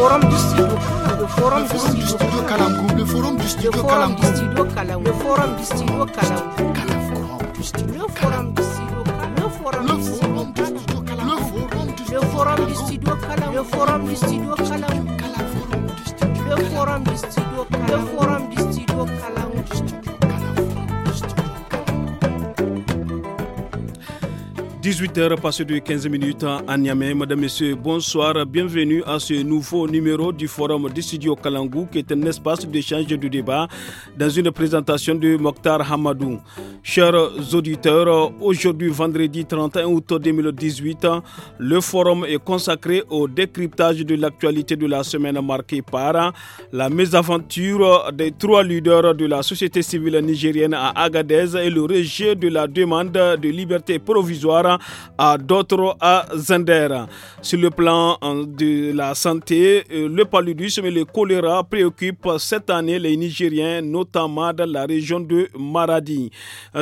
forum du studio le forum du studio Kalamkou le forum du studio calam, le forum du studio le forum du studio le forum du studio calam, le forum du studio le forum du studio calam, le forum du studio 18h passé de 15 minutes à Niamey. Madame, Messieurs, bonsoir. Bienvenue à ce nouveau numéro du Forum du Kalangou qui est un espace d'échange et de débat dans une présentation de Mokhtar Hamadou. Chers auditeurs, aujourd'hui vendredi 31 août 2018, le forum est consacré au décryptage de l'actualité de la semaine marquée par la mésaventure des trois leaders de la société civile nigérienne à Agadez et le rejet de la demande de liberté provisoire à d'autres à euh, Zender. Sur le plan euh, de la santé, euh, le paludisme et le choléra préoccupent cette année les Nigériens, notamment dans la région de Maradi.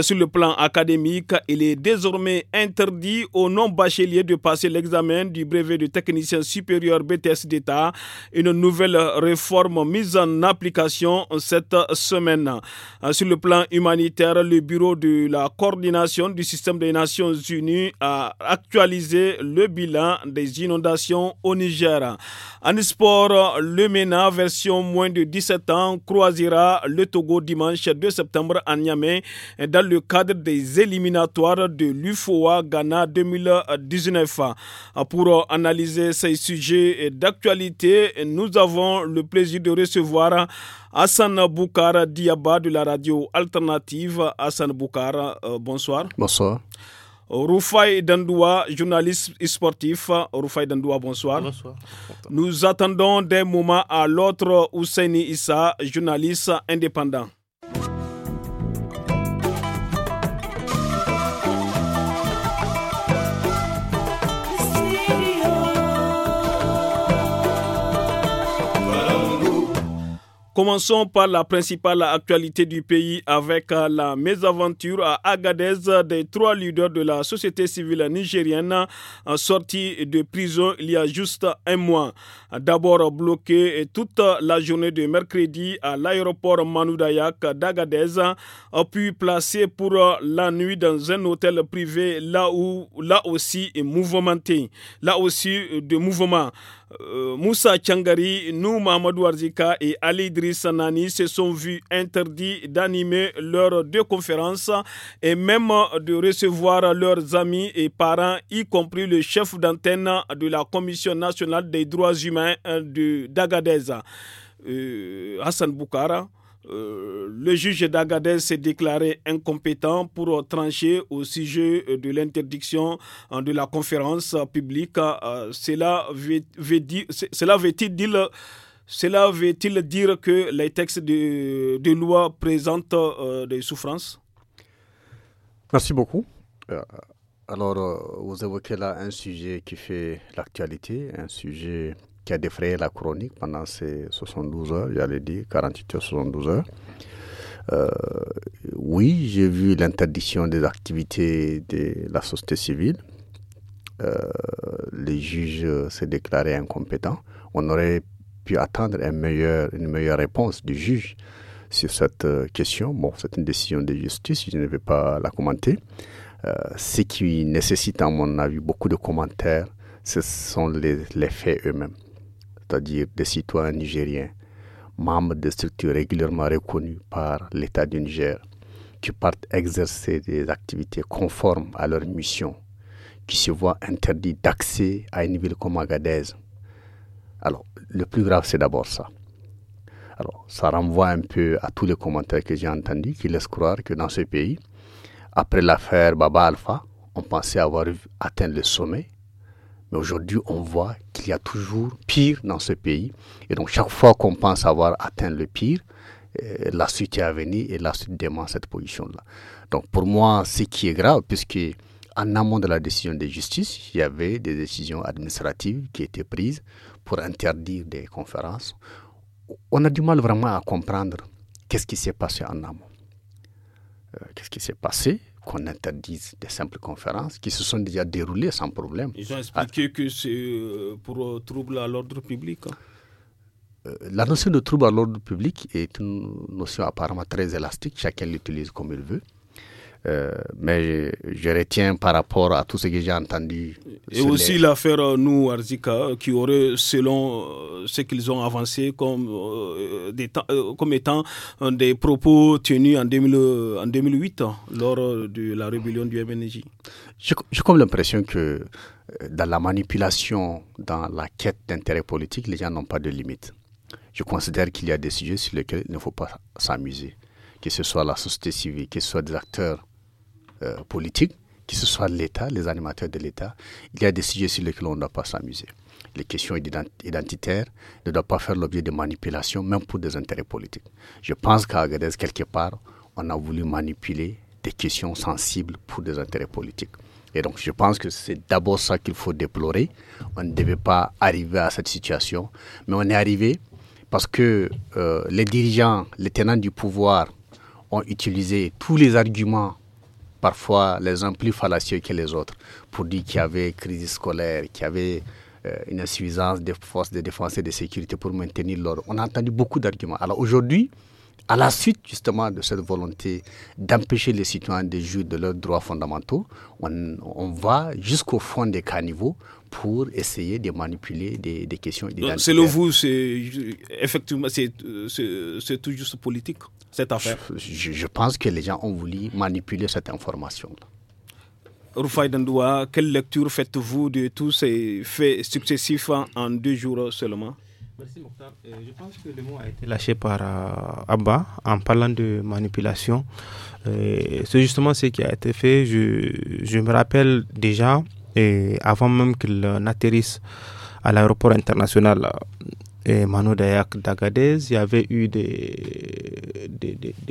Sur le plan académique, il est désormais interdit aux non-bacheliers de passer l'examen du brevet de technicien supérieur BTS d'État, une nouvelle réforme mise en application cette semaine. Sur le plan humanitaire, le bureau de la coordination du système des Nations Unies à actualiser le bilan des inondations au Niger. En sport, le MENA version moins de 17 ans croisera le Togo dimanche 2 septembre à Niamey dans le cadre des éliminatoires de l'UFOA Ghana 2019. Pour analyser ces sujets d'actualité, nous avons le plaisir de recevoir Hassan Boukara Diaba de la radio alternative. Hassan Boukara, euh, bonsoir. Bonsoir. Rufai Dandoua, journaliste sportif. Rufai Dandoua, bonsoir. Bonsoir. Nous attendons des moments à l'autre Ousseini Issa, journaliste indépendant. Commençons par la principale actualité du pays avec euh, la mésaventure à Agadez des trois leaders de la société civile nigérienne euh, sortis de prison il y a juste un mois. D'abord bloqués toute la journée de mercredi à l'aéroport Manoudayak d'Agadez, puis placés pour euh, la nuit dans un hôtel privé là où là aussi est mouvementé, là aussi de mouvement. Moussa Changari, nous Ahmadou Arzika et Ali Dri Sanani se sont vus interdits d'animer leurs deux conférences et même de recevoir leurs amis et parents, y compris le chef d'antenne de la Commission nationale des droits humains euh, de d'Agadez, euh, Hassan Boukara. Euh, le juge d'Agadez s'est déclaré incompétent pour trancher au sujet de l'interdiction de la conférence publique. cela veut-il dire cela veut-il dire que les textes de, loi présentent euh, des souffrances Merci beaucoup. Euh, alors, euh, vous évoquez là un sujet qui fait l'actualité, un sujet qui a défrayé la chronique pendant ces 72 heures, j'allais dire 48 heures, 72 heures. oui, j'ai vu l'interdiction des activités de la société civile. les juges s'est déclaré incompétents. On aurait pu attendre une meilleure une meilleure réponse du juge sur cette euh, question. Bon, c'est une décision de justice, je ne vais pas la commenter. Euh, ce qui nécessite, à mon avis, beaucoup de commentaires, ce sont les, les faits eux-mêmes, c'est-à-dire des citoyens nigériens, membres de structures régulièrement reconnues par l'État du Niger, qui partent exercer des activités conformes à leur mission, qui se voient interdits d'accès à une ville comme Agadez alors, le plus grave, c'est d'abord ça. Alors, ça renvoie un peu à tous les commentaires que j'ai entendus qui laissent croire que dans ce pays, après l'affaire Baba Alpha, on pensait avoir atteint le sommet, mais aujourd'hui, on voit qu'il y a toujours pire dans ce pays. Et donc, chaque fois qu'on pense avoir atteint le pire, euh, la suite est à venir et la suite dément cette position-là. Donc, pour moi, ce qui est grave, puisque en amont de la décision de justice, il y avait des décisions administratives qui étaient prises pour interdire des conférences, on a du mal vraiment à comprendre qu'est-ce qui s'est passé en amont. Euh, qu'est-ce qui s'est passé qu'on interdise des simples conférences qui se sont déjà déroulées sans problème. Ils ont expliqué ah. que c'est euh, pour euh, trouble à l'ordre public. Hein. la notion de trouble à l'ordre public est une notion apparemment très élastique, chacun l'utilise comme il veut. Euh, mais je, retiens par rapport à tout ce que j'ai entendu. Et aussi l'affaire euh, nous, Arzika, euh, qui aurait, selon ce qu'ils ont avancé comme, des, étant des propos tenus en, 2008 hein, lors de la rébellion du MNJ. J'ai comme l'impression que dans la manipulation, dans la quête d'intérêt politique, les gens n'ont pas de limite. Je considère qu'il y a des sujets sur lesquels il ne faut pas s'amuser, que ce soit la société civile, que ce soit des acteurs euh, politiques, que ce soit l'État, les animateurs de l'État, il y a des sujets sur lesquels on ne doit pas s'amuser. Les questions identitaires ne doivent pas faire l'objet de manipulations, même pour des intérêts politiques. Je pense qu'à Agadez, quelque part, on a voulu manipuler des questions sensibles pour des intérêts politiques. Et donc, je pense que c'est d'abord ça qu'il faut déplorer. On ne devait pas arriver à cette situation, mais on est arrivé parce que euh, les dirigeants, les tenants du pouvoir ont utilisé tous les arguments parfois les uns plus fallacieux que les autres, pour dire qu'il y avait crise scolaire, qu'il y avait euh, une insuffisance des forces de défense et de sécurité pour maintenir l'ordre. On a entendu beaucoup d'arguments. Alors aujourd'hui, à la suite justement de cette volonté d'empêcher les citoyens de jouir de leurs droits fondamentaux, on, va jusqu'au fond des caniveaux pour essayer de manipuler des, questions identitaires. Selon vous, c'est effectivement c'est tout juste politique cette affaire. Je, pense que les gens ont voulu manipuler cette information. Rufai quelle lecture faites-vous de tous ces faits successifs en deux jours seulement Merci Mokhtar. Euh, je pense que le mot a été lâché par euh, Abba en parlant de manipulation. Euh, c'est justement ce qui a été fait. Je, me rappelle déjà, et avant même qu'il n'atterrisse à l'aéroport international et Mano Dayak d'Agadez, il y avait eu des,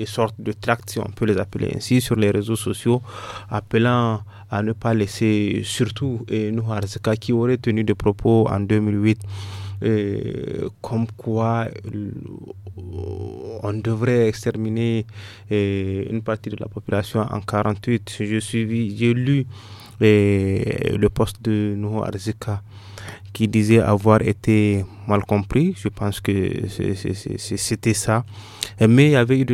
sortes de tracts, si on peut les appeler ainsi, sur les réseaux sociaux, appelant à ne pas laisser, surtout et Nouhar Zeka, qui aurait tenu des propos en 2008 euh, comme quoi euh, on devrait exterminer euh, une partie de la population en 48. J'ai j'ai lu le poste de Nouhou Arzika qui disait avoir été mal compris. Je pense que c'était ça. Mais il y avait eu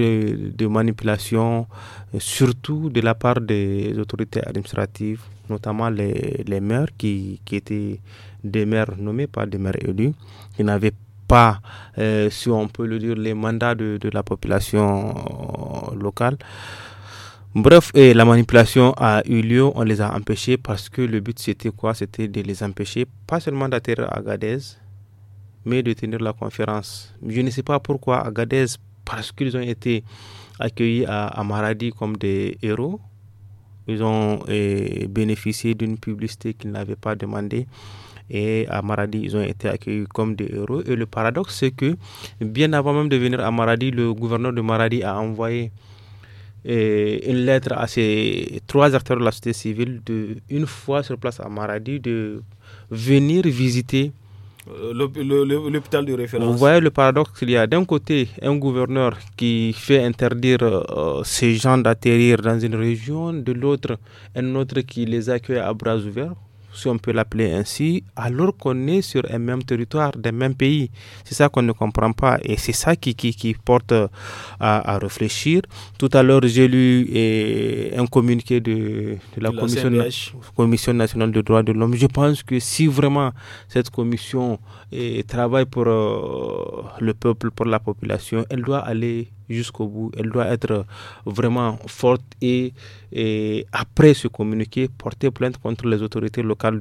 des manipulations, surtout de la part des autorités administratives, notamment les, les maires qui, qui étaient des maires nommés, pas des maires élus, qui n'avaient pas, euh, si on peut le dire, les mandats de, la population euh, locale. Bref, la manipulation a eu lieu, on les a empêchés parce que le but c'était quoi C'était de les empêcher, pas seulement d'atterrir à Gadez mais de tenir la conférence. Je ne sais pas pourquoi Agadez, parce qu'ils ont été accueillis à, à, Maradi comme des héros. Ils ont bénéficié d'une publicité qu'ils n'avaient pas demandée. Et à Maradi, ils ont été accueillis comme des héros. Et le paradoxe, c'est que bien avant même de venir à Maradi, le gouverneur de Maradi a envoyé eh, une lettre à ces trois acteurs de la société civile, de, une fois sur place à Maradi, de venir visiter euh, l'hôpital de référence. Vous voyez le paradoxe qu'il y a. D'un côté, un gouverneur qui fait interdire euh, ces gens d'atterrir dans une région, de l'autre, un autre qui les accueille à bras ouverts si on peut l'appeler ainsi, alors qu'on est sur un même territoire des mêmes pays. C'est ça qu'on ne comprend pas et c'est ça qui, qui, porte euh, à, à, réfléchir. Tout à l'heure, j'ai lu euh, un communiqué de, la, commission, commission, nationale de droits de l'homme. Je pense que si vraiment cette commission et travaille pour euh, le peuple, pour la population, elle doit aller jusqu'au bout, elle doit être vraiment forte et, après se communiquer, porter plainte contre les autorités locales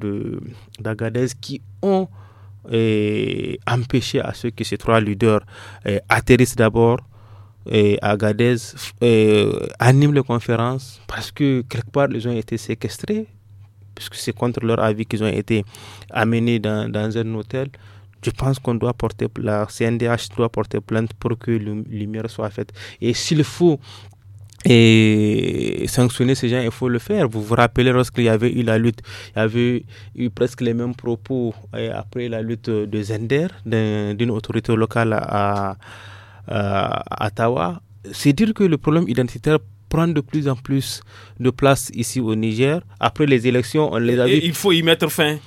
d'Agadez qui ont eh, empêché à ceux que ces trois leaders eh, atterrissent d'abord eh, à Agadez anime les conférences parce que quelque part ils ont été séquestrés puisque c'est contre leur avis qu'ils ont été amenés dans, dans un hôtel je pense qu'on doit porter, la CNDH doit porter plainte pour que lumière soit faite. Et s'il faut et sanctionner ces gens, il faut le faire. Vous vous rappelez lorsqu'il y avait eu la lutte, il y avait eu presque les mêmes propos après la lutte de Zender, d'une autorité locale à, à, Ottawa. C'est dire que le problème identitaire prend de plus en plus de place ici au Niger. Après les élections, on les a Il faut y mettre fin.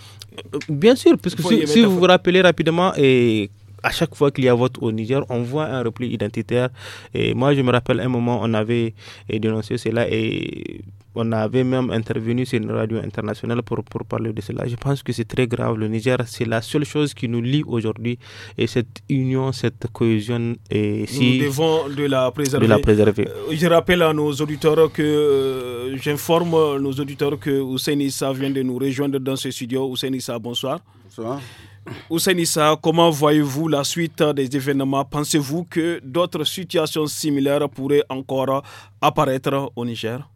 Euh, bien sûr, puisque si, si vous vous rappelez rapidement, et à chaque fois qu'il y a vote au Niger, on voit un repli identitaire. Et moi, je me rappelle un moment, on avait dénoncé cela et on avait même intervenu sur une radio internationale pour, pour parler de cela. Je pense que c'est très grave. Le Niger, c'est la seule chose qui nous lie aujourd'hui et cette union, cette cohésion. Et si nous devons de la préserver. Euh, je rappelle à nos auditeurs que euh, j'informe nos auditeurs que Hussein vient de nous rejoindre dans ce studio. Hussein Issa, bonsoir. Bonsoir. Issa, comment voyez-vous la suite des événements Pensez-vous que d'autres situations similaires pourraient encore apparaître au Niger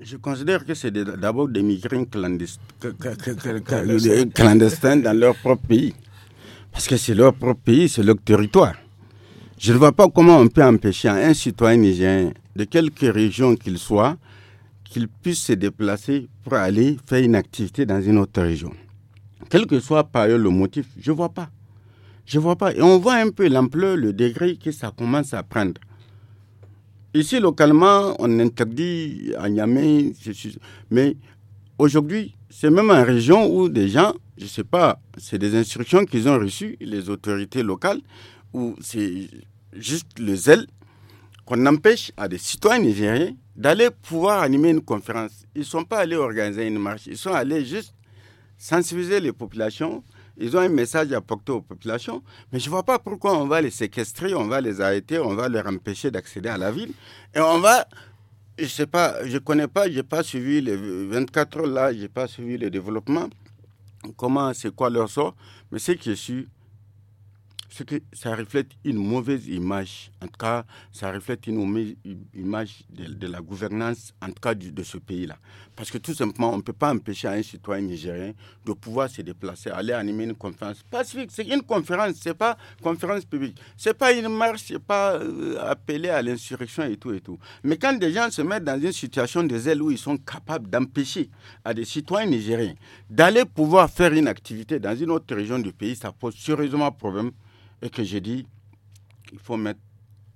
je considère que c'est d'abord des migrants euh, clandestins, dans leur propre pays. Parce que c'est leur propre pays, c'est leur territoire. Je ne vois pas comment on peut empêcher un citoyen nigérien, de quelque région qu'il soit, qu'il puisse se déplacer pour aller faire une activité dans une autre région. Quel que soit par ailleurs le motif, je vois pas. Je ne vois pas. Et on voit un peu l'ampleur, le degré que ça commence à prendre. Ici, localement, on interdit à Niamey, mais aujourd'hui, c'est même en région où des gens, je ne sais pas, c'est des instructions qu'ils ont reçues, les autorités locales, ou c'est juste le zèle qu'on empêche à des citoyens nigériens d'aller pouvoir animer une conférence. Ils ne sont pas allés organiser une marche, ils sont allés juste sensibiliser les populations ils ont un message à porter aux populations, mais je ne vois pas pourquoi on va les séquestrer, on va les arrêter, on va leur empêcher d'accéder à la ville. Et on va, je ne sais pas, je ne connais pas, je n'ai pas suivi les 24 heures là, je n'ai pas suivi le développement, comment, c'est quoi leur sort, mais ce que je suis que ça reflète une mauvaise image. En tout cas, ça reflète une mauvaise image de, la gouvernance, en tout cas de, ce pays-là. Parce que tout simplement, on ne peut pas empêcher un citoyen nigérien de pouvoir se déplacer, aller animer une conférence pacifique. C'est une conférence, c'est pas conférence publique. C'est pas une marche, c'est pas euh, appelé à l'insurrection et tout et tout. Mais quand des gens se mettent dans une situation de zèle où ils sont capables d'empêcher à des citoyens nigériens d'aller pouvoir faire une activité dans une autre région du pays, ça pose sérieusement problème et que j'ai dit, il faut mettre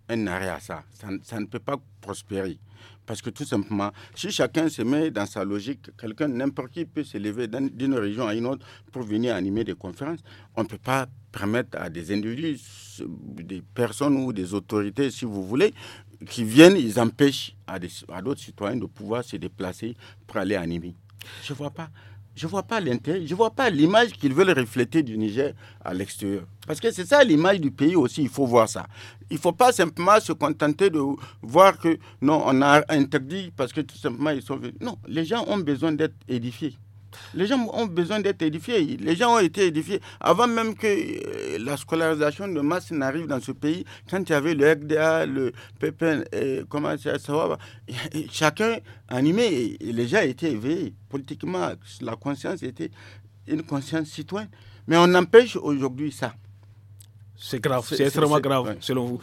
un arrêt à ça. ça. ne peut pas prospérer. Parce que tout simplement, si chacun se met dans sa logique, quelqu'un, n'importe qui peut s'élever d'une région à une autre pour venir animer des conférences, on ne peut pas permettre à des individus, des personnes ou des autorités, si vous voulez, qui viennent, ils empêchent à d'autres citoyens de pouvoir se déplacer pour aller animer. Je ne vois pas je ne vois pas l'intérêt, je vois pas l'image qu'ils veulent refléter du Niger à l'extérieur. Parce que c'est ça l'image du pays aussi, il faut voir ça. Il ne faut pas simplement se contenter de voir que non, on a interdit parce que tout simplement ils sont... Non, les gens ont besoin d'être édifiés. Les gens ont besoin d'être édifiés. Les gens ont été édifiés avant même que euh, la scolarisation de masse n'arrive dans ce pays. Quand il y avait le RDA, le PPN, euh, comment ça, chacun animé, les gens étaient éveillés. Politiquement, la conscience était une conscience citoyenne. Mais on empêche aujourd'hui ça. C'est grave, c'est extrêmement grave, selon vous.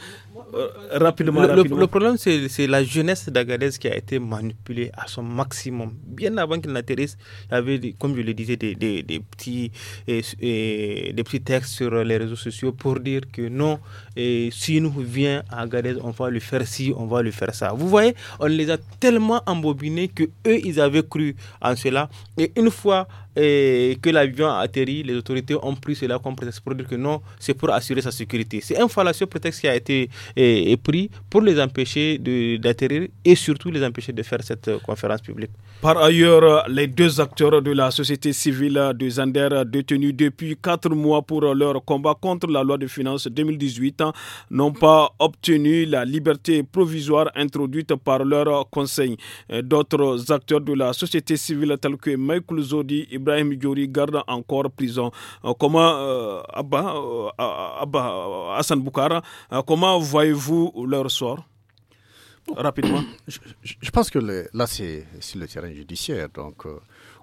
Euh, rapidement, le, rapidement. Le, problème, c'est la jeunesse d'Agadez qui a été manipulée à son maximum. Bien avant qu'il n'atterrisse, il y avait, comme je le disais, des, des, petits, des petits textes sur les réseaux sociaux pour dire que non, et si nous vient à Agadez, on va lui faire ci, on va lui faire ça. Vous voyez, on les a tellement embobinés que eux, ils avaient cru en cela. Et une fois et que l'avion a atterri, les autorités ont pris cela comme prétexte pour dire que non, c'est pour assurer sa sécurité. C'est un fallacieux prétexte qui a été eh, eh, pris pour les empêcher d'atterrir et surtout les empêcher de faire cette euh, conférence publique. Par ailleurs, les deux acteurs de la société civile de Zander détenus depuis quatre mois pour leur combat contre la loi de finances 2018 n'ont pas obtenu la liberté provisoire introduite par leur conseil. D'autres acteurs de la société civile tels que Michael Zodi et Ibrahim Djouri garde encore prison. Euh, comment, à euh, Abba, euh, Abba, Hassan Boukara, comment voyez-vous leur sort Rapidement. Je, pense que là, c'est sur le terrain judiciaire. Donc,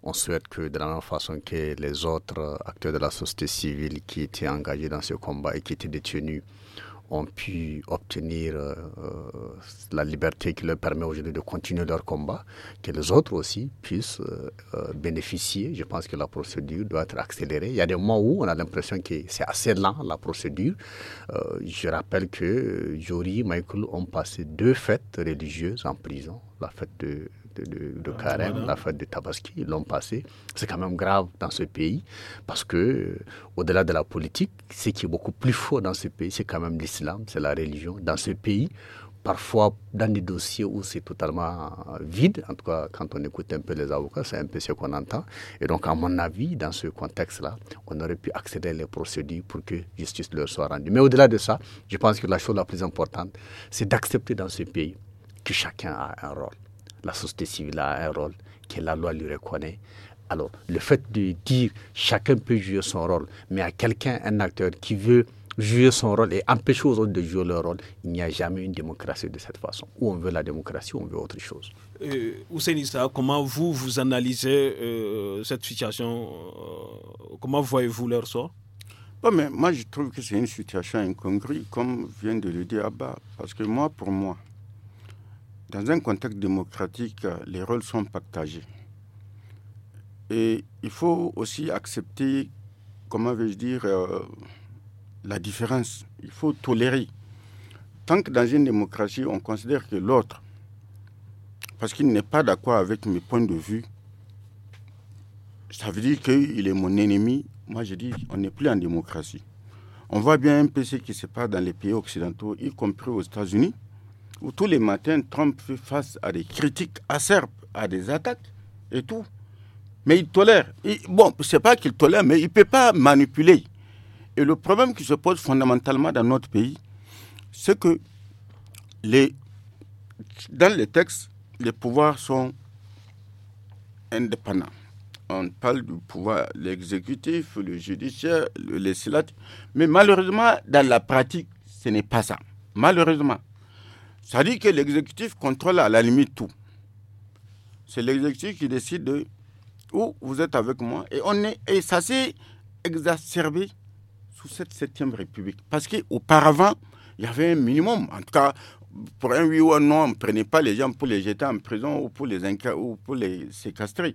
on souhaite que, de la même façon que les autres acteurs de la société civile qui étaient engagés dans ce combat et qui étaient détenus, ont pu obtenir euh, euh, la liberté qui leur permet aujourd'hui de continuer leur combat, que les autres aussi puissent euh, bénéficier. Je pense que la procédure doit être accélérée. Il y a des moments où on a l'impression que c'est assez lent, la procédure. je rappelle que Jory et Michael ont passé deux fêtes religieuses en prison, la fête de de, de, ah, la fête de Tabaski, l'ont passé. C'est quand même grave dans ce pays parce que, euh, au-delà de la politique, ce qui est beaucoup plus fort dans ce pays, c'est quand même l'islam, c'est la religion. Dans ce pays, parfois dans des dossiers où c'est totalement euh, vide. En tout cas, quand on écoute un peu les avocats, c'est un peu ce qu'on entend. Et donc, à mon avis, dans ce contexte-là, on aurait pu accélérer les procédures pour que justice leur soit rendue. Mais au-delà de ça, je pense que la chose la plus importante, c'est d'accepter dans ce pays que chacun a un rôle la société civile a un rôle que la loi lui reconnaît. Alors, le fait de dire chacun peut jouer son rôle, mais à quelqu'un, un acteur qui veut jouer son rôle et empêcher aux autres de jouer leur rôle, il n'y a jamais une démocratie de cette façon. Ou on veut la démocratie, ou on veut autre chose. Euh, Issa, comment vous, vous analysez euh, cette situation euh, Comment voyez-vous leur sort mais Moi, je trouve que c'est une situation incongrue, comme vient de le dire Abba. Parce que moi, pour moi, dans un contexte démocratique, les rôles sont partagés. Et il faut aussi accepter, comment vais-je dire, euh, la différence. Il faut tolérer. Tant que dans une démocratie, on considère que l'autre, parce qu'il n'est pas d'accord avec mes points de vue, ça veut dire qu'il est mon ennemi. Moi, je dis, on n'est plus en démocratie. On voit bien un peu ce qui se passe dans les pays occidentaux, y compris aux États-Unis où tous les matins, Trump fait face à des critiques acerbes, à des attaques et tout. Mais il tolère. Bon, bon, c'est pas qu'il tolère, mais il ne peut pas manipuler. Et le problème qui se pose fondamentalement dans notre pays, c'est que dans les textes, les pouvoirs sont indépendants. On parle du pouvoir, l'exécutif, le judiciaire, le législatif. Mais malheureusement, dans la pratique, ce n'est pas ça. Malheureusement. Ça dit que l'exécutif contrôle à la limite tout. C'est l'exécutif qui décide de où vous êtes avec moi. Et, on est, ça s'est exacerbé sous cette septième République. Parce qu'auparavant, il y avait un minimum. En tout cas, pour un oui ou un non, on ne prenait pas les gens pour les jeter en prison ou pour les, ou pour les séquestrer.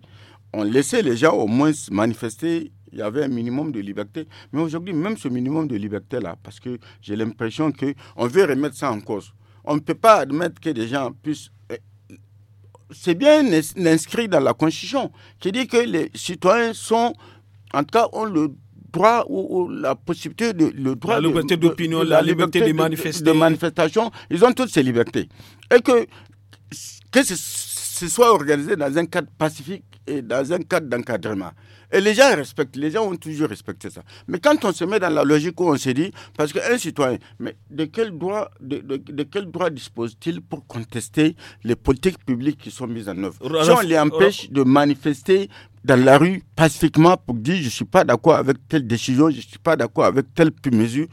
On laissait les gens au moins manifester. Il y avait un minimum de liberté. Mais aujourd'hui, même ce minimum de liberté-là, parce que j'ai l'impression qu'on veut remettre ça en cause. On ne peut pas admettre que des gens puissent euh, c'est bien inscrit dans la Constitution, qui dit que les citoyens sont, en tout cas, ont le droit ou, la possibilité de le droit la liberté d'opinion, la, liberté, de, manifester. de, manifestation, ils ont toutes ces libertés et que que ce soit organisé dans un cadre pacifique et dans un cadre d'encadrement. Et les gens respectent, les gens ont toujours respecté ça. Mais quand on se met dans la logique où on se dit, parce qu'un citoyen, mais de quel droit, de, quel droit dispose-t-il pour contester les politiques publiques qui sont mises en œuvre Si on les empêche de manifester dans la rue pacifiquement pour dire je ne suis pas d'accord avec telle décision, je ne suis pas d'accord avec telle mesure,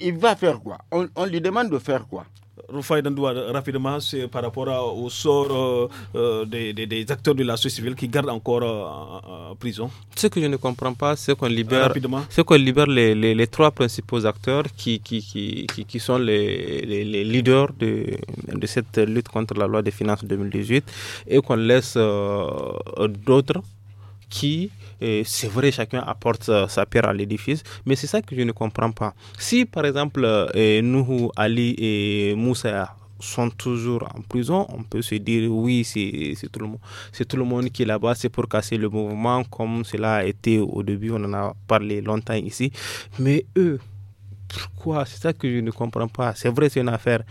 il va faire quoi on lui demande de faire quoi Rufai Dandoua, rapidement, c'est par rapport au sort euh, euh, des, acteurs de la société civile qui gardent encore en euh, prison. Ce que je ne comprends pas, c'est qu'on libère, qu'on libère les, trois principaux acteurs qui, qui, sont les, leaders de, cette lutte contre la loi des finances 2018 et qu'on laisse d'autres qui, c'est vrai, chacun apporte euh, sa pierre à l'édifice, mais c'est ça que je ne comprends pas. Si, par exemple, euh, nous, Ali et Moussa sont toujours en prison, on peut se dire oui, c'est tout, le monde, tout le monde qui est là-bas, c'est pour casser le mouvement, comme cela a été au début, on en a parlé longtemps ici. Mais eux, pourquoi C'est ça que je ne comprends pas. C'est vrai, c'est une affaire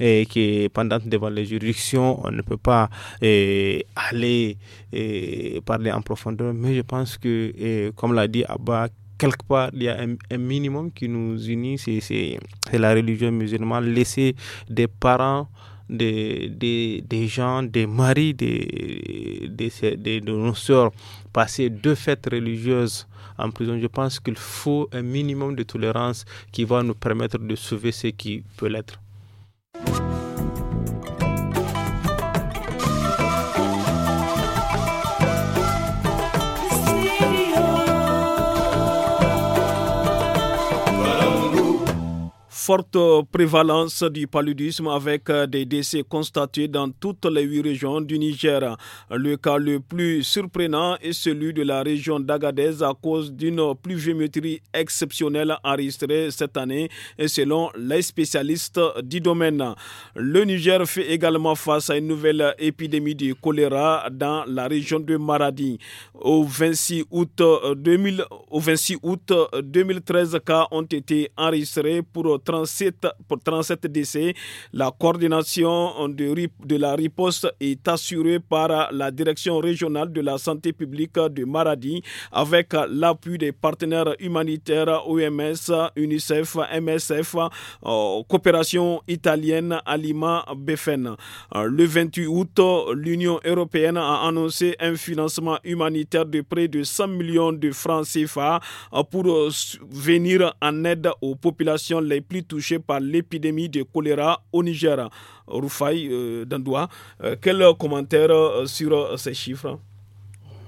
et eh, qui est devant les juridictions. On ne peut pas eh, aller eh, parler en profondeur. Mais je pense que, comme l'a dit Abba, quelque part, il y a un, minimum qui nous unit. C'est la religion musulmane. Laisser des parents des, des, gens, des maris, des, des, des, de nos sœurs passer deux fêtes religieuses en prison. Je pense qu'il faut un minimum de tolérance qui va nous permettre de sauver ce qui peut l'être. forte prévalence du paludisme avec euh, des décès constatés dans toutes les huit régions du Niger. Le cas le plus surprenant est celui de la région d'Agadez à cause d'une pluviométrie exceptionnelle enregistrée cette année et selon les spécialistes du domaine. Le Niger fait également face à une nouvelle épidémie de choléra dans la région de Maradi. Au 26 août, 2000, euh, au 26 août 2013, euh, cas ont été enregistrés pour 30 37, pour décès. La coordination de, la riposte est assurée par la direction régionale de la santé publique de Maradi avec l'appui des partenaires humanitaires OMS, UNICEF, MSF, euh, coopération italienne Alima Befen. Euh, le 28 août, l'Union européenne a annoncé un financement humanitaire de près de 100 millions de francs CFA euh, pour venir en aide aux populations les plus touché par l'épidémie de choléra au Niger. Rufai euh, Dandoua, euh, quel commentaire euh, sur ces chiffres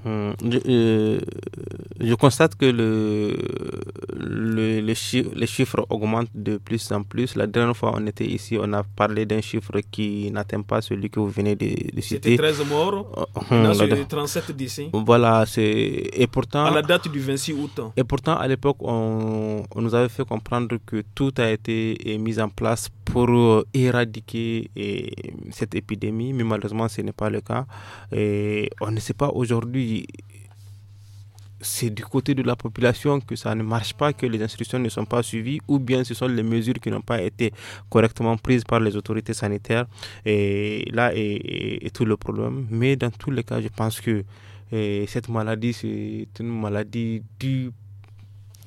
Hum, je, euh, je, constate que le, les chiffres augmentent de plus en plus. La dernière fois, on était ici, on a parlé d'un chiffre qui n'atteint pas celui que vous venez de, citer. C'était 13 morts, euh, hum, c'est 37 d'ici. Voilà, c'est. Et pourtant. À la date du 26 août. Et pourtant, à l'époque, on, nous avait fait comprendre que tout a été mis en place pour euh, éradiquer cette épidémie, mais malheureusement, ce n'est pas le cas. Et on ne sait pas aujourd'hui c'est du côté de la population que ça ne marche pas, que les instructions ne sont pas suivies, ou bien ce sont les mesures qui n'ont pas été correctement prises par les autorités sanitaires. Et là est, tout le problème. Mais dans tous les cas, je pense que euh, cette maladie, c'est une maladie due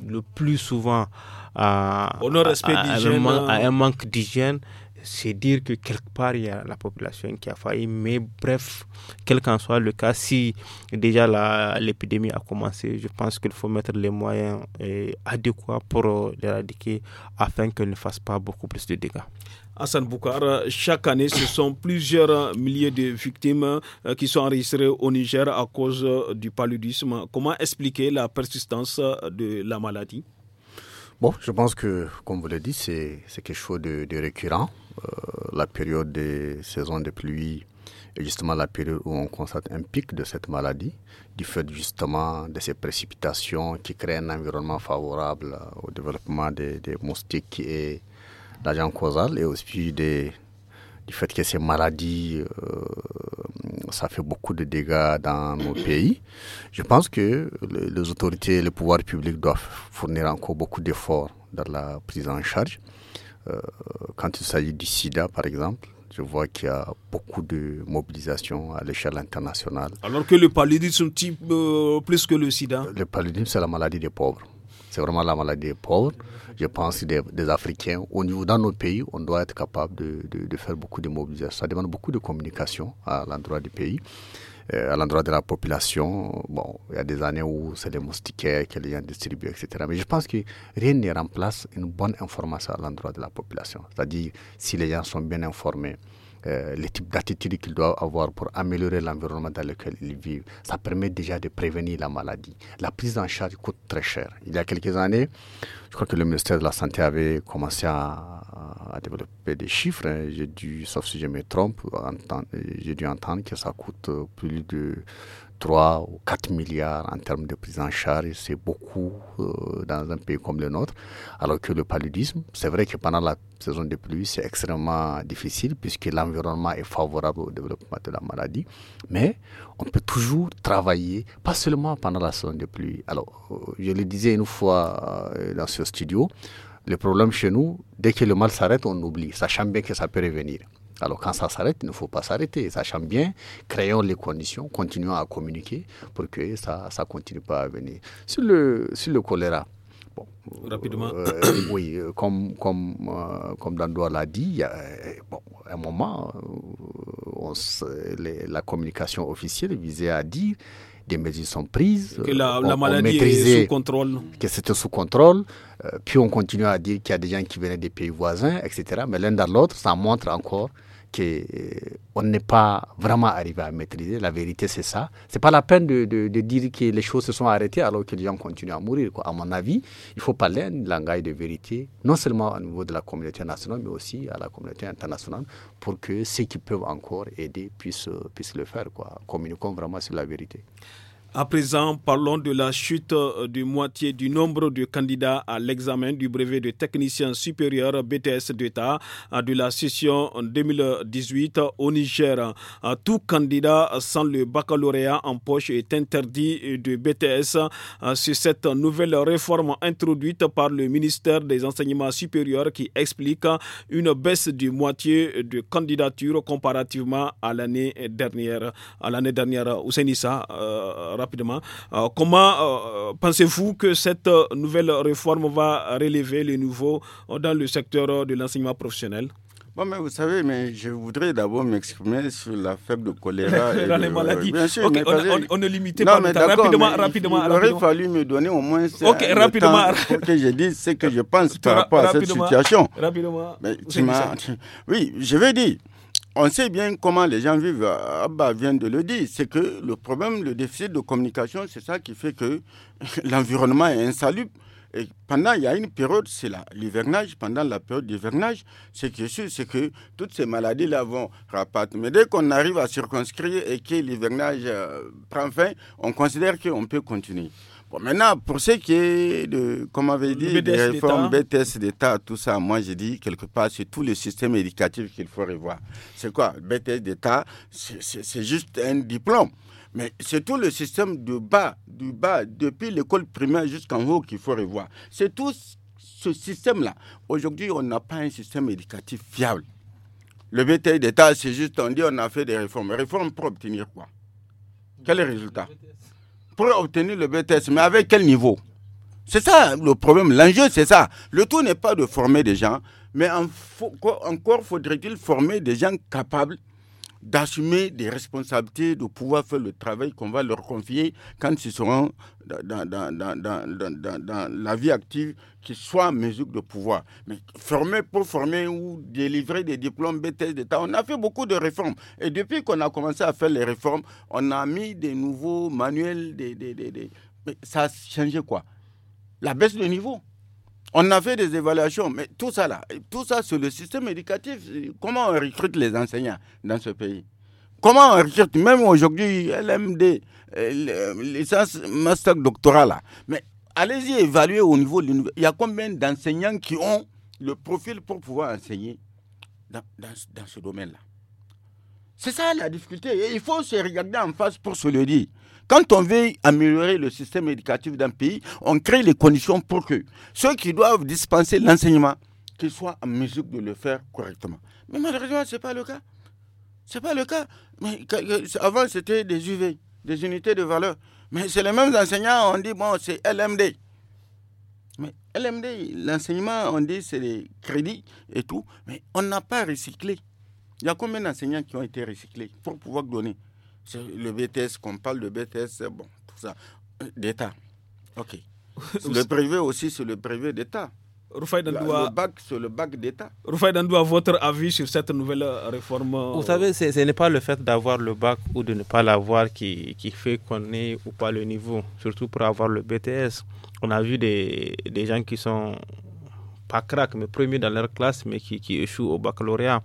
le plus souvent à, euh. un manque d'hygiène c'est dire que quelque part, il y a la population qui a failli. Mais bref, quel qu'en soit le cas, si déjà l'épidémie a commencé, je pense qu'il faut mettre les moyens eh, adéquats pour euh, l'éradiquer afin qu'elle ne fasse pas beaucoup plus de dégâts. Hassan Boukar, chaque année, ce sont plusieurs milliers de victimes euh, qui sont enregistrées au Niger à cause euh, du paludisme. Comment expliquer la persistance de la maladie Bon, je pense que, comme vous l'avez dit, c'est quelque chose de récurrent. Euh, la période des saisons de pluie et justement la période où on constate un pic de cette maladie, du fait justement de ces précipitations qui créent un environnement favorable euh, au développement des, moustiques et l'agent causal, et aussi du fait que ces maladies, euh, ça fait beaucoup de dégâts dans nos pays. Je pense que les autorités et les pouvoirs publics doivent fournir encore beaucoup d'efforts dans la prise en charge. Euh, quand il s'agit du sida, par exemple, je vois qu'il y a beaucoup de mobilisation à l'échelle internationale. Alors que le paludisme type euh, plus que le sida Le paludisme, c'est la maladie des pauvres. C'est vraiment la maladie des pauvres. Je pense des, des Africains, au niveau dans nos pays, on doit être capable de, de faire beaucoup de mobilisation. Ça demande beaucoup de communication à l'endroit du pays. Euh, à l'endroit de la population. Bon, il y a des années où c'est les moustiquaires que les gens distribuent, etc. Mais je pense que rien ne remplace une bonne information à l'endroit de la population. C'est-à-dire, si les gens sont bien informés, euh, les types d'attitudes qu'ils doivent avoir pour améliorer l'environnement dans lequel ils vivent. Ça permet déjà de prévenir la maladie. La prise en charge coûte très cher. Il y a quelques années, je crois que le ministère de la Santé avait commencé à, à développer des chiffres. Hein. J'ai dû, sauf si je me trompe, j'ai dû entendre que ça coûte euh, plus de 3 ou 4 milliards en termes de prise en charge, c'est beaucoup euh, dans un pays comme le nôtre. Alors que le paludisme, c'est vrai que pendant la saison de pluie, c'est extrêmement difficile puisque l'environnement est favorable au développement de la maladie. Mais on peut toujours travailler, pas seulement pendant la saison de pluie. Alors, euh, je le disais une fois euh, dans ce studio, le problème chez nous, dès que le mal s'arrête, on oublie, sachant bien que ça peut revenir. Alors quand ça s'arrête, il ne faut pas s'arrêter, sachant bien, créons les conditions, continuons à communiquer pour que ça ne continue pas à venir. Sur le, sur le choléra, rapidement. Euh, euh, oui, euh, comme, comme, Dandoua l'a dit, à un moment, on la communication officielle visait à dire des mesures sont prises. Que la, maladie est sous contrôle. Que c'était sous contrôle. puis on continue à dire qu'il y a des gens qui venaient des pays voisins, etc. Mais l'un dans l'autre, ça montre encore qu'on euh, n'est pas vraiment arrivé à maîtriser. La vérité, c'est ça. C'est pas la peine de, dire que les choses se sont arrêtées alors que les gens continuent à mourir. À mon avis, il faut parler un langage de vérité, non seulement au niveau de la communauté nationale, mais aussi à la communauté internationale, pour que ceux qui peuvent encore aider puissent, euh, puissent le faire. Quoi. Communiquons vraiment sur la vérité. À présent, parlons de la chute euh, de moitié du nombre de candidats à l'examen du brevet de technicien supérieur BTS d'État euh, de la session 2018 au Niger. Euh, tout candidat sans le baccalauréat en poche est interdit de BTS. C'est cette nouvelle réforme introduite par le ministère des Enseignements supérieurs qui explique une baisse de moitié de candidatures comparativement à l'année dernière. À l'année dernière, rapidement. Euh, comment euh, euh, pensez-vous que cette nouvelle réforme va relever les nouveaux dans le secteur de l'enseignement professionnel vous savez, mais je voudrais d'abord m'exprimer sur la faible choléra. et les maladies. Bien sûr, on, ne limitait non, pas mais Rapidement, mais rapidement. Il aurait fallu me donner au moins Ok, rapidement. Temps pour que je dise ce que je pense par rapport à cette situation. Rapidement. Mais tu Oui, je vais dire on sait bien comment les gens vivent. Euh, Abba vient de le dire. C'est que le problème, le déficit de communication, c'est ça qui fait que l'environnement est insalubre. Et pendant, il y a une période, c'est l'hivernage. Pendant la période d'hivernage, ce qui est sûr, c'est que toutes ces maladies-là vont repartir. Mais dès qu'on arrive à circonscrire et que l'hivernage euh, prend fin, on considère qu'on peut continuer maintenant, pour ce qui est de, comme avait dit, les des réformes BTS d'État, tout ça, moi j'ai dit quelque part, c'est tout le système éducatif qu'il faut revoir. C'est quoi BTS d'État, c'est juste un diplôme. Mais c'est tout le système de bas, du bas, depuis l'école primaire jusqu'en haut qu'il faut revoir. C'est tout ce système-là. Aujourd'hui, on n'a pas un système éducatif fiable. Le BTS d'État, c'est juste, on dit, on a fait des réformes. Réformes pour obtenir quoi Quel est le résultat pour obtenir le BTS, mais avec quel niveau C'est ça le problème, l'enjeu, c'est ça. Le tout n'est pas de former des gens, mais en, encore faudrait-il former des gens capables d'assumer des responsabilités, de pouvoir faire le travail qu'on va leur confier quand ils seront dans, la vie active, qu'ils soient en mesure de pouvoir. Mais former pour former ou délivrer des diplômes BTS d'État, on a fait beaucoup de réformes. Et depuis qu'on a commencé à faire les réformes, on a mis des nouveaux manuels, des, des, des, ça a changé quoi La baisse de niveau on a fait des évaluations, mais tout ça là, tout ça sur le système éducatif, comment on recrute les enseignants dans ce pays Comment on recrute même aujourd'hui LMD, euh, licence master doctorat là Mais allez-y évaluer au niveau de l'université. Il y a combien d'enseignants qui ont le profil pour pouvoir enseigner dans, ce domaine-là C'est ça la difficulté. il faut se regarder en face pour se le dire. Quand on veut améliorer le système éducatif d'un pays, on crée les conditions pour que ceux qui doivent dispenser l'enseignement, qu'ils soient en mesure de le faire correctement. Mais malheureusement, ce n'est pas le cas. Ce n'est pas le cas. Mais avant, c'était des UV, des unités de valeur. Mais c'est les mêmes enseignants, on dit, bon, c'est LMD. Mais LMD, l'enseignement, on dit, c'est des crédits et tout. Mais on n'a pas recyclé. Il y a combien d'enseignants qui ont été recyclés pour pouvoir donner le BTS, qu'on parle de BTS, c'est bon, tout ça, euh, d'État. OK. le privé aussi, c'est le privé d'État. Dandoua... Le bac, c'est le bac d'État. Rufai Dandoua, votre avis sur cette nouvelle euh, réforme euh, Vous savez, ce n'est pas le fait d'avoir le bac ou de ne pas l'avoir qui, qui, fait qu'on est ou pas le niveau. Surtout pour avoir le BTS. On a vu des, des gens qui sont pas crack, mais premiers dans leur classe, mais qui, qui échouent au baccalauréat.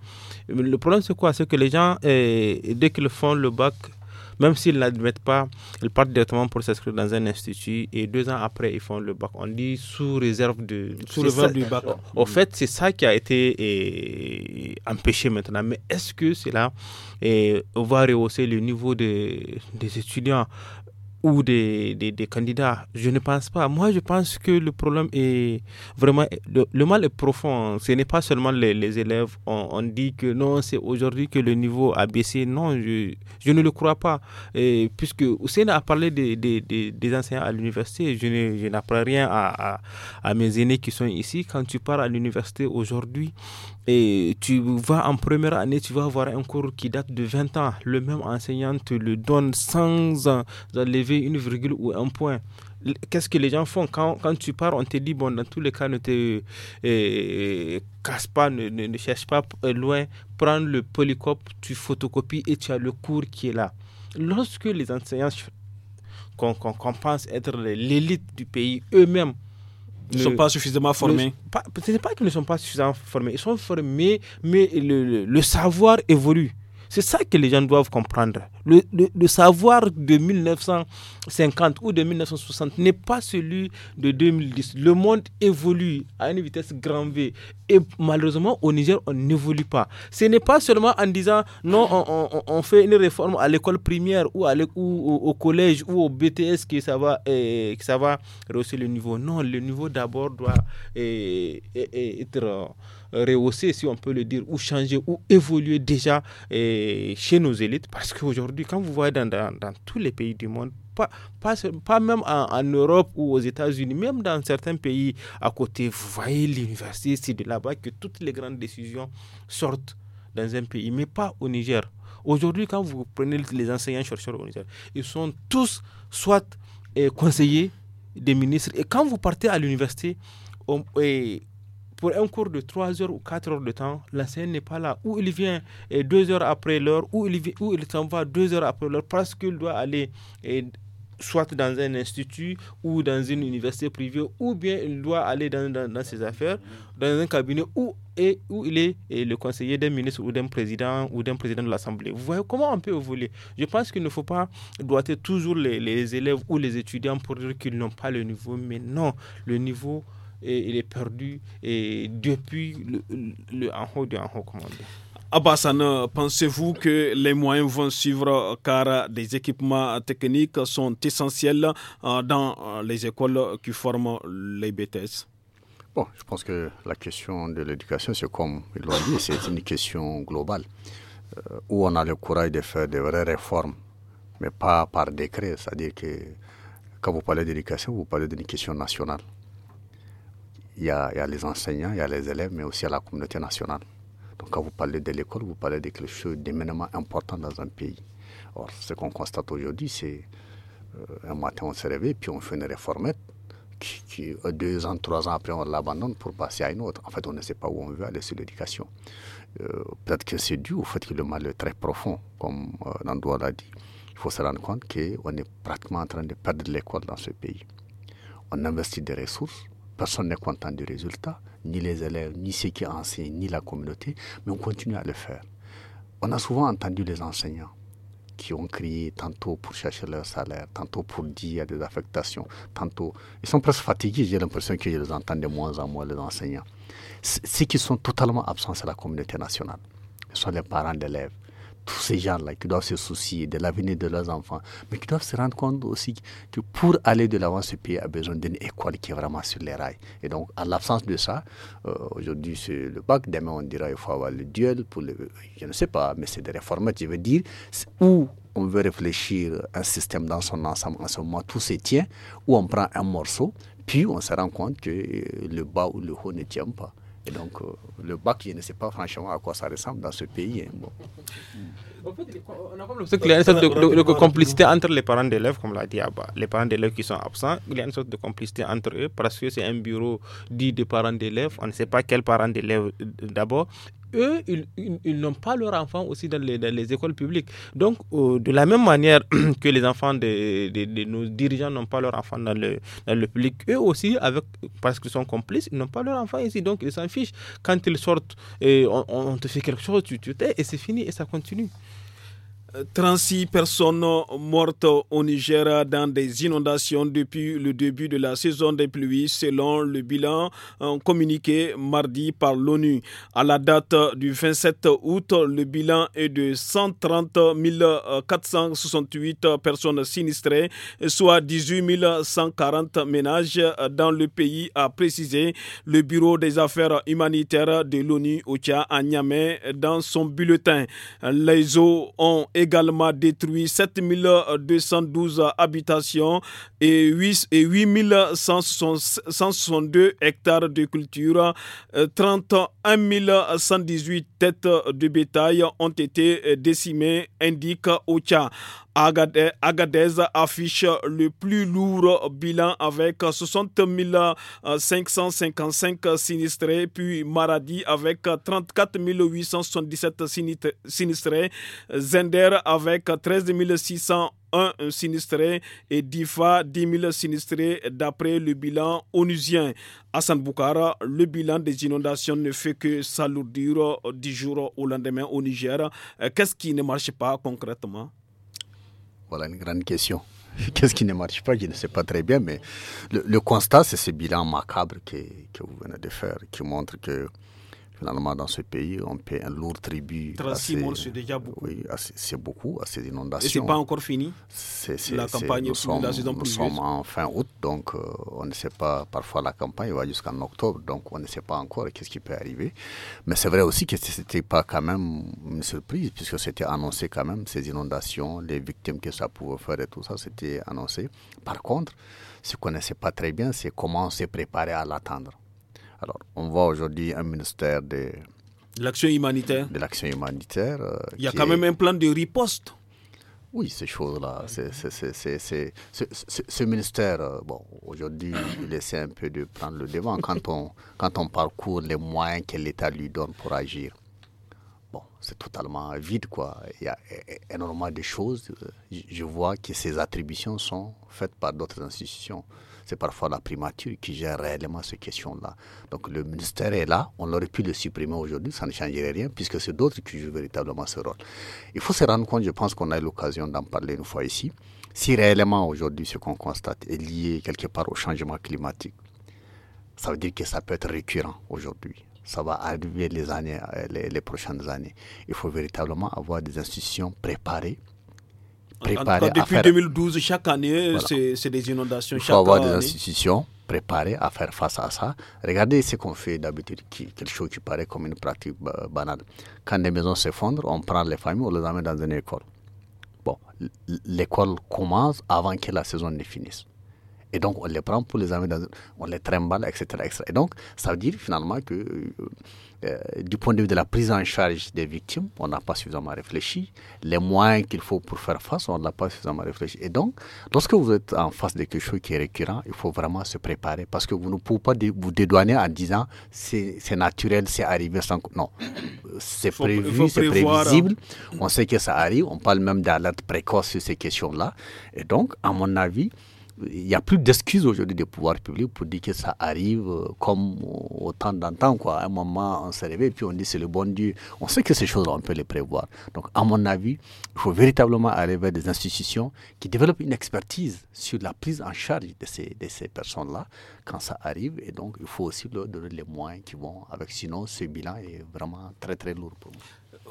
Le problème, c'est quoi C'est que les gens, dès qu'ils font le bac, même s'ils n'admettent pas, ils partent directement pour s'inscrire dans un institut et deux ans après, ils font le bac. On dit sous réserve de. Sous réserve du bac. Au, fait, c'est ça qui a été eh, empêché maintenant. Mais est-ce que cela eh, va rehausser le niveau des étudiants ou des, des, candidats. Je ne pense pas. Moi, je pense que le problème est vraiment. Le, mal est profond. Hein. Ce n'est pas seulement les, les élèves. On, dit que non, c'est aujourd'hui que le niveau a baissé. Non, je, je ne le crois pas. Et puisque Hussein a parlé des, des enseignants à l'université, je n'apprends rien à, à, à, mes aînés qui sont ici. Quand tu pars à l'université aujourd'hui, et tu vas en première année, tu vas avoir un cours qui date de 20 ans. Le même enseignant te le donne sans enlever une virgule ou un point qu'est-ce que les gens font quand, quand, tu pars On te dit, bon, dans tous les cas, ne te euh, casse pas, ne, cherche pas euh, loin, prends le polycope, tu photocopies et tu as le cours qui est là. Lorsque les enseignants qu'on pense être l'élite du pays eux-mêmes ils ne sont pas suffisamment formés. Ce n'est pas, qu'ils ne sont pas suffisamment formés. Ils sont formés, mais le savoir évolue. C'est ça que les gens doivent comprendre. Le, savoir de 1950 ou de 1960 n'est pas celui de 2010. Le monde évolue à une vitesse grand V. Et malheureusement, au Niger, on n'évolue pas. Ce n'est pas seulement en disant non, on, fait une réforme à l'école primaire ou, à au, collège ou au BTS que ça va, euh, que ça va rehausser le niveau. Non, le niveau d'abord doit euh, euh, être rehausser, si on peut le dire, ou changer, ou évoluer déjà eh, chez nos élites. Parce qu'aujourd'hui, quand vous voyez dans, dans, tous les pays du monde, pas, pas, pas, même en, en, Europe ou aux États-Unis, même dans certains pays à côté, vous voyez l'université, c'est de là-bas que toutes les grandes décisions sortent dans un pays, mais pas au Niger. Aujourd'hui, quand vous prenez les enseignants-chercheurs au Niger, ils sont tous soit eh, conseillers des ministres. Et quand vous partez à l'université, eh, pour un cours de 3 heures ou 4 heures de temps, l'enseignant n'est pas là. Où il vient 2 heures après l'heure, où il, il s'en va 2 heures après l'heure, parce qu'il doit aller soit dans un institut ou dans une université privée, ou bien il doit aller dans, ses affaires, dans un cabinet où, il est le conseiller d'un ministre ou d'un président ou d'un président de l'Assemblée. Vous voyez comment on peut évoluer. Je pense qu'il ne faut pas doiter toujours les élèves ou les étudiants pour dire qu'ils n'ont pas le niveau, mais non, le niveau et il est perdu depuis le, en haut de en haut, comment pensez-vous que les moyens vont suivre car des équipements techniques sont essentiels euh, dans euh, les écoles qui forment les BTS Bon, je pense que la question de l'éducation, c'est comme il l'a dit, c'est une question globale euh, où on a le courage de faire de vraies réformes, mais pas par décret. C'est-à-dire que quand vous parlez d'éducation, vous parlez d'une question nationale il y, a, les enseignants, il y a les élèves, mais aussi à la communauté nationale. Donc quand vous parlez de l'école, vous parlez de quelque chose d'éminemment important dans un pays. Or, ce qu'on constate aujourd'hui, c'est euh, un matin on se réveille, puis on fait une réformette, qui, euh, deux ans, trois ans après, on l'abandonne pour passer à une autre. En fait, on ne sait pas où on veut aller sur l'éducation. Euh, peut-être que c'est dû au fait que le mal est très profond, comme euh, l'a dit. Il faut se rendre compte qu'on est pratiquement en train de perdre l'école dans ce pays. On investit des ressources, Personne n'est content du résultat, ni les élèves, ni ceux qui enseignent, ni la communauté, mais on continue à le faire. On a souvent entendu les enseignants qui ont crié tantôt pour chercher leur salaire, tantôt pour dire des affectations, tantôt... Ils sont presque fatigués, j'ai l'impression que je les entends de moins en moins, les enseignants. Ceux qui sont totalement absents, c'est la communauté nationale. Ce sont les parents d'élèves, tous ces gens-là qui doivent se soucier de l'avenir de leurs enfants, mais qui doivent se rendre compte aussi que pour aller de l'avant, ce pays a besoin d'une école qui est vraiment sur les rails. Et donc, en l'absence de ça, euh, aujourd'hui c'est le bac, demain on dira il faut avoir le duel pour je ne sais pas, mais c'est des réformes, je veux dire, où on veut réfléchir un système dans son ensemble, en ce moment tout se tient, où on prend un morceau, puis on se rend compte que le bas ou le haut ne tient pas. Et donc, euh, le bac, je ne sait pas franchement à quoi ça ressemble dans ce pays. Hein, on y a une sorte complicité entre les parents d'élèves, comme l'a dit Abba, les parents d'élèves qui sont absents. Il y a une sorte de complicité entre eux parce que c'est un bureau dit de parents d'élèves. On ne sait pas quels parents d'élèves euh, d'abord eux, ils, ils, n'ont pas leurs enfants aussi dans les, les écoles publiques. Donc, euh, de la même manière que les enfants de, nos dirigeants n'ont pas leurs enfants dans le, dans le public, eux aussi, avec, parce qu'ils sont complices, ils n'ont pas leurs enfants ici. Donc, ils s'en fichent. Quand ils sortent, et on, te fait quelque chose, tu, tu t'es, et c'est fini, et ça continue. 36 personnes mortes au Niger dans des inondations depuis le début de la saison des pluies, selon le bilan euh, communiqué mardi par l'ONU. À la date du 27 août, le bilan est de 130 468 euh, personnes sinistrées, soit 18 140 ménages dans le pays, a précisé le Bureau des affaires humanitaires de l'ONU au Tchad à Niamey dans son bulletin. Les eaux ont également détruit 7212 euh, habitations et 8162 hectares de culture. 31 euh, 118 têtes de bétail ont été euh, décimées, indique OCHA. Agadez, affiche le plus lourd bilan avec 60 555 sinistrés, puis Maradi avec 34 877 sinistrés, Zender avec 13 601 sinistrés et DIFA 10 000 sinistrés d'après le bilan onusien. San Boukara, le bilan des inondations ne fait que s'alourdir du jour au lendemain au Niger. Qu'est-ce qui ne marche pas concrètement voilà une grande question. Qu'est-ce qui ne marche pas Je ne sais pas très bien, mais le, constat, c'est ce bilan macabre que, vous venez de faire, qui montre que Finalement, dans ce pays, on paie un lourd tribut. 36 c'est déjà beaucoup. Oui, c'est beaucoup à ces inondations. Et ce n'est pas encore fini La campagne, nous sommes, en fin août, donc euh, on ne sait pas. Parfois, la campagne va jusqu'en octobre, donc on ne sait pas encore qu'est-ce qui peut arriver. Mais c'est vrai aussi que ce n'était pas quand même une surprise, puisque c'était annoncé quand même, ces inondations, les victimes que ça pouvait faire et tout ça, c'était annoncé. Par contre, ce qu'on ne sait pas très bien, c'est comment on s'est préparé à l'attendre. Alors, on voit aujourd'hui un ministère de l'action humanitaire. De l'action humanitaire. Euh, il y a quand même un plan de riposte. Oui, ces choses-là, ce ministère, euh, bon, aujourd'hui, il essaie un peu de prendre le devant quand on, quand on parcourt les moyens que l'État lui donne pour agir. Bon, c'est totalement vide, quoi. Il y a énormément de choses. Je vois que ces attributions sont faites par d'autres institutions. C'est parfois la primature qui gère réellement ces questions-là. Donc le ministère est là, on aurait pu le supprimer aujourd'hui, ça ne changerait rien, puisque c'est d'autres qui jouent véritablement ce rôle. Il faut se rendre compte, je pense qu'on a eu l'occasion d'en parler une fois ici, si réellement aujourd'hui ce qu'on constate est lié quelque part au changement climatique, ça veut dire que ça peut être récurrent aujourd'hui ça va arriver les années, les, les, prochaines années. Il faut véritablement avoir des institutions préparées depuis 2012, chaque année, c'est des inondations. Il faut avoir des institutions préparées à faire face à ça. Regardez ce qu'on fait d'habitude, quelque chose qui paraît comme une pratique banale. Quand des maisons s'effondrent, on prend les familles, on les amène dans une école. Bon, l'école commence avant que la saison ne finisse. Et donc, on les prend pour les amener on les trimballe, etc., etc., Et donc, ça veut dire finalement que, euh, euh, du point de vue de la prise en charge des victimes, on n'a pas suffisamment réfléchi. Les moyens qu'il faut pour faire face, on n'a pas suffisamment réfléchi. Et donc, lorsque vous êtes en face de quelque chose qui est récurrent, il faut vraiment se préparer parce que vous ne pouvez pas vous dédouaner en disant c'est naturel, c'est arrivé sans. Non. C'est prévu, c'est hein. prévisible. On sait que ça arrive. On parle même d'alerte précoce sur ces questions-là. Et donc, à mon avis, il n'y a plus d'excuses aujourd'hui des pouvoirs publics pour dire que ça arrive euh, comme au temps d'antan. Quoi. À un moment, on s'est réveille et puis on dit c'est le bon Dieu. On sait que ces choses-là, on peut les prévoir. Donc, à mon avis, il faut véritablement arriver à des institutions qui développent une expertise sur la prise en charge de ces, de ces personnes-là quand ça arrive. Et donc, il faut aussi leur donner les moyens qui vont avec. Sinon, ce bilan est vraiment très, très lourd pour moi.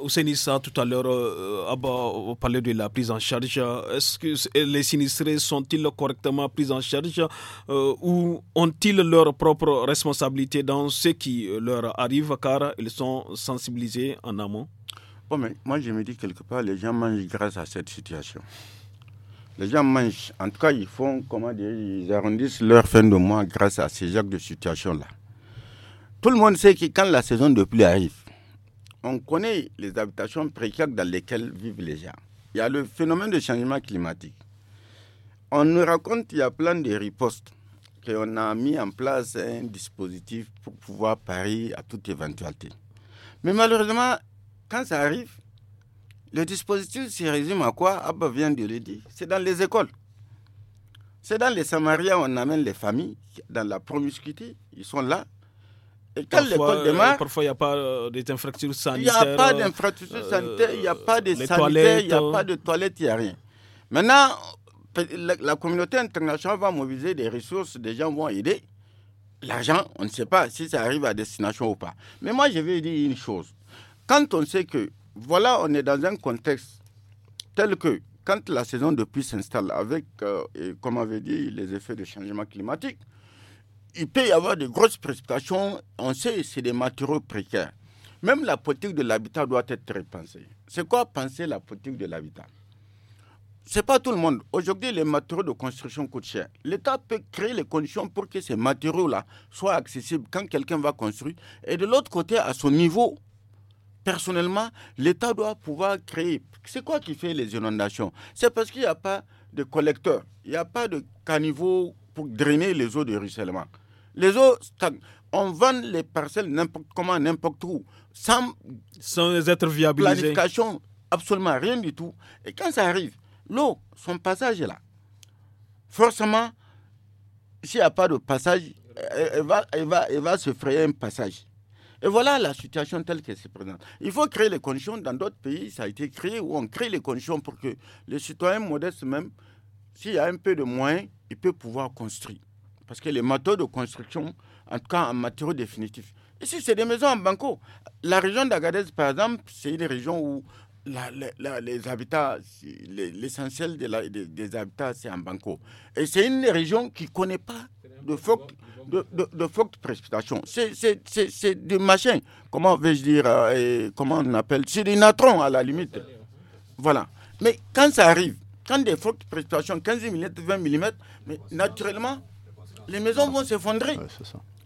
Au Sénissa, tout à l'heure, euh, parliez on de la prise en charge. Est-ce que les sinistrés sont-ils correctement pris en charge euh, ou ont-ils leur propre responsabilité dans ce qui leur arrive car ils sont sensibilisés en amont mais Moi, je me dis quelque part, les gens mangent grâce à cette situation. Les gens mangent, en tout cas, ils font, comment dire, ils arrondissent leur fin de mois grâce à ces actes de situation-là. Tout le monde sait que quand la saison de pluie arrive, on connaît les habitations précaires dans lesquelles vivent les gens. Il y a le phénomène de changement climatique. On nous raconte qu'il y a plein de ripostes, qu'on a mis en place un dispositif pour pouvoir parier à toute éventualité. Mais malheureusement, quand ça arrive, le dispositif se résume à quoi Abba ah ben, vient de le dire. C'est dans les écoles. C'est dans les Samarias où on amène les familles dans la promiscuité. Ils sont là, quand l'école euh, Parfois, il n'y a pas euh, d'infrastructure sanitaire Il n'y a pas euh, d'infrastructures sanitaire il n'y a pas de sanitaires, il n'y a pas de toilettes, il n'y a rien. Maintenant, la, communauté internationale va mobiliser des ressources, des gens vont aider. L'argent, on ne sait pas si ça arrive à destination ou pas. Mais moi, je vais dire une chose. Quand on sait que, voilà, on est dans un contexte tel que, quand la saison de pluie s'installe avec, comme on comme avait dit, les effets du changement climatique, il peut y avoir de grosses précipitations. On sait que c'est des matériaux précaires. Même la politique de l'habitat doit être repensée. C'est quoi penser la politique de l'habitat C'est pas tout le monde. Aujourd'hui, les matériaux de construction coûtent cher. L'État peut créer les conditions pour que ces matériaux-là soient accessibles quand quelqu'un va construire. Et de l'autre côté, à son niveau, personnellement, l'État doit pouvoir créer. C'est quoi qui fait les inondations C'est parce qu'il n'y a pas de collecteur, il n'y a pas de caniveau pour drainer les eaux de ruissellement. Les autres On vend les parcelles n'importe comment, n'importe où, sans, sans être viabilisées. Planification, absolument rien du tout. Et quand ça arrive, l'eau, son passage est là. Forcément, s'il n'y a pas de passage, elle va, va, elle va se frayer un passage. Et voilà la situation telle qu'elle se présente. Il faut créer les conditions. Dans d'autres pays, ça a été créé où on crée les conditions pour que les citoyens modestes même, s'il y a un peu de moyens, ils peuvent pouvoir construire. Parce que les matériaux de construction, en tout cas en matériaux définitifs, ici c'est des maisons en banco. La région d'Agadez, par exemple, c'est une région où les habitats, l'essentiel de des, habitats, c'est en banco. Et c'est une région qui ne connaît pas de fortes de, précipitation. C'est du machin, comment vais-je dire, euh, comment on appelle C'est du natron à la limite. Voilà. Mais quand ça arrive, quand des de précipitations, 15 mm, 20 mm, mais naturellement, les maisons vont s'effondrer. il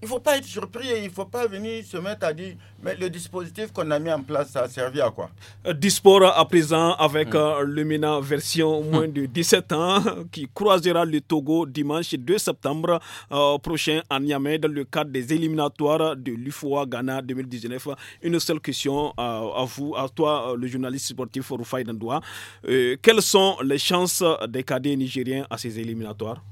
ne faut pas être surpris et il ne faut pas venir se mettre à dire mais le dispositif qu'on a mis en place, ça a servi à quoi euh, Disport à présent avec le euh, l'Umina version moins de 17 ans qui croisera le Togo dimanche 2 septembre euh, prochain à Niamey dans le cadre des éliminatoires de l'UFOA Ghana 2019. Une seule question à, vous, à toi, le journaliste sportif Rufai Dandoua. quelles sont les chances des cadets nigériens à ces éliminatoires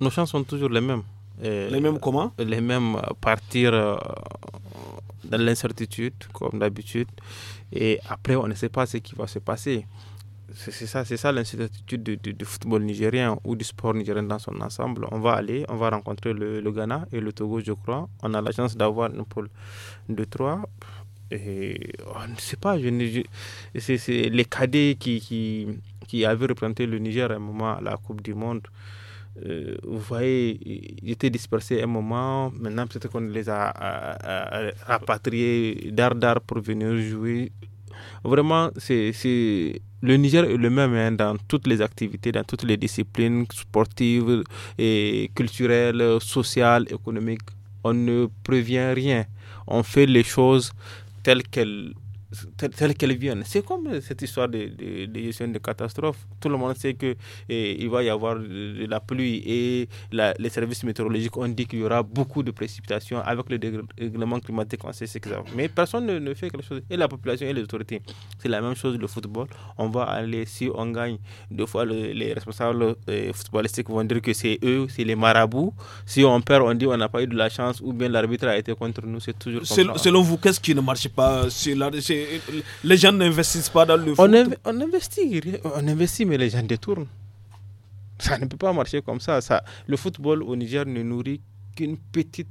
nos chances sont toujours les mêmes. les mêmes comment Les mêmes euh, partir euh, dans l'incertitude, comme d'habitude. Et après, on ne sait pas ce qui va se passer. C'est ça, c'est ça l'incertitude du, football nigérien ou du sport nigérien dans son ensemble. On va aller, on va rencontrer le, Ghana et le Togo, je crois. On a la chance d'avoir une poule de 3. Et on ne sait pas. c'est, les cadets qui, qui, qui avaient représenté le Niger à un moment à la Coupe du Monde. Euh, vous voyez, ils étaient dispersés un moment. Maintenant, peut-être qu'on les a, rapatriés d'art d'art pour venir jouer. Vraiment, c'est le Niger est le même hein, dans toutes les activités, dans toutes les disciplines sportives, et culturelles, sociales, économiques. On ne prévient rien. On fait les choses telles qu'elles telle qu'elles viennent. C'est comme cette histoire de, de, de, Tout le monde sait qu'il eh, il va y avoir de la pluie et les services météorologiques ont dit qu'il y aura beaucoup de précipitations avec le dérèglement climatique. On sait ce Mais personne ne, fait quelque chose. Et la population et les autorités. C'est la même chose le football. On va aller, si on gagne, deux fois les responsables footballistes eh, footballistiques vont dire que c'est eux, c'est les marabouts. Si on perd, on dit on n'a pas eu de la chance ou bien l'arbitre a été contre nous. C'est toujours ça. Selon vous, qu'est-ce qui ne marche pas C'est les gens n'investissent pas dans le foot. On, investit, on investit, mais les gens détournent. Ça ne peut pas marcher comme ça. ça le football au Niger ne nourrit qu'une petite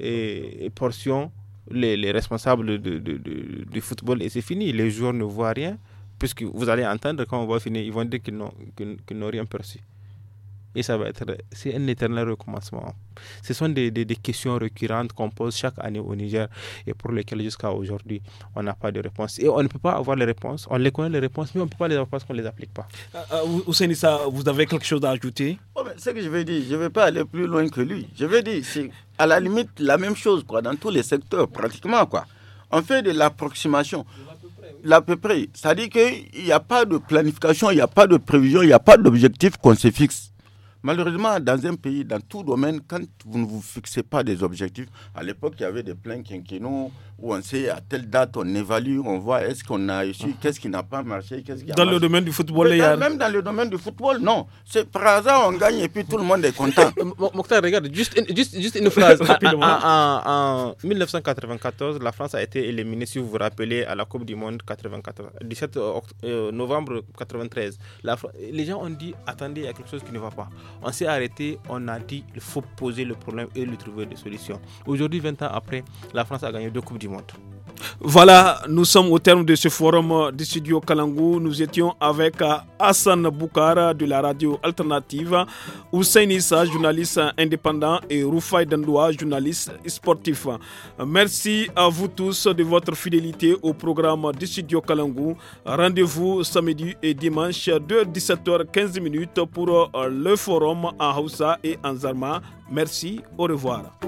eh, eh, portion les, responsables du de, football et c'est fini. Les joueurs ne voient rien, puisque vous allez entendre quand on va finir, ils vont dire qu'ils n'ont rien perçu et ça va être, c'est un éternel recommencement. Ce sont des, questions récurrentes qu'on pose chaque année au Niger et pour lesquelles jusqu'à aujourd'hui, on n'a pas de réponse. Et on ne peut pas avoir les réponses, on les connaît les réponses, mais on ne peut pas les avoir parce qu'on ne les applique pas. Euh, euh, Ousenissa, vous avez quelque chose à ajouter oh, Ce que je veux dire, je ne vais pas aller plus loin que lui. Je veux dire, c'est à la limite la même chose quoi, dans tous les secteurs, pratiquement. quoi. On fait de l'approximation à peu près. C'est-à-dire qu'il n'y a pas de planification, il n'y a pas de prévision, il n'y a pas d'objectif qu'on se fixe. Malheureusement, dans un pays, dans tout domaine, quand vous ne vous fixez pas des objectifs, à l'époque, il y avait des pleins quinquennaux, où on sait à telle date on évalue, on voit est-ce qu'on a réussi, ah. qu'est-ce qui n'a pas marché, qu'est-ce qui a Dans marché. le domaine du football, Même dans le domaine du football, non. C'est par on gagne et puis tout le monde est content. Mokhtar, regarde, juste une, juste, juste une phrase. En, 1994, la France a été éliminée, si vous vous rappelez, à la Coupe du Monde 94, 17 euh, euh, novembre 93. La, les gens ont dit attendez, il y a quelque chose qui ne va pas. On s'est arrêté, on a dit il faut poser le problème et lui trouver des solutions. Aujourd'hui, 20 ans après, la France a gagné deux Coupes du voilà, nous sommes au terme de ce forum du studio Kalangou. Nous étions avec euh, Hassan Boukara de la radio alternative, Hussein Issa, journaliste indépendant, et Rufai Dandoua, journaliste sportif. Merci à vous tous de votre fidélité au programme du studio Kalangou. Rendez-vous samedi et dimanche de 17h15 pour euh, le forum en Hausa et en Zarma. Merci, au revoir.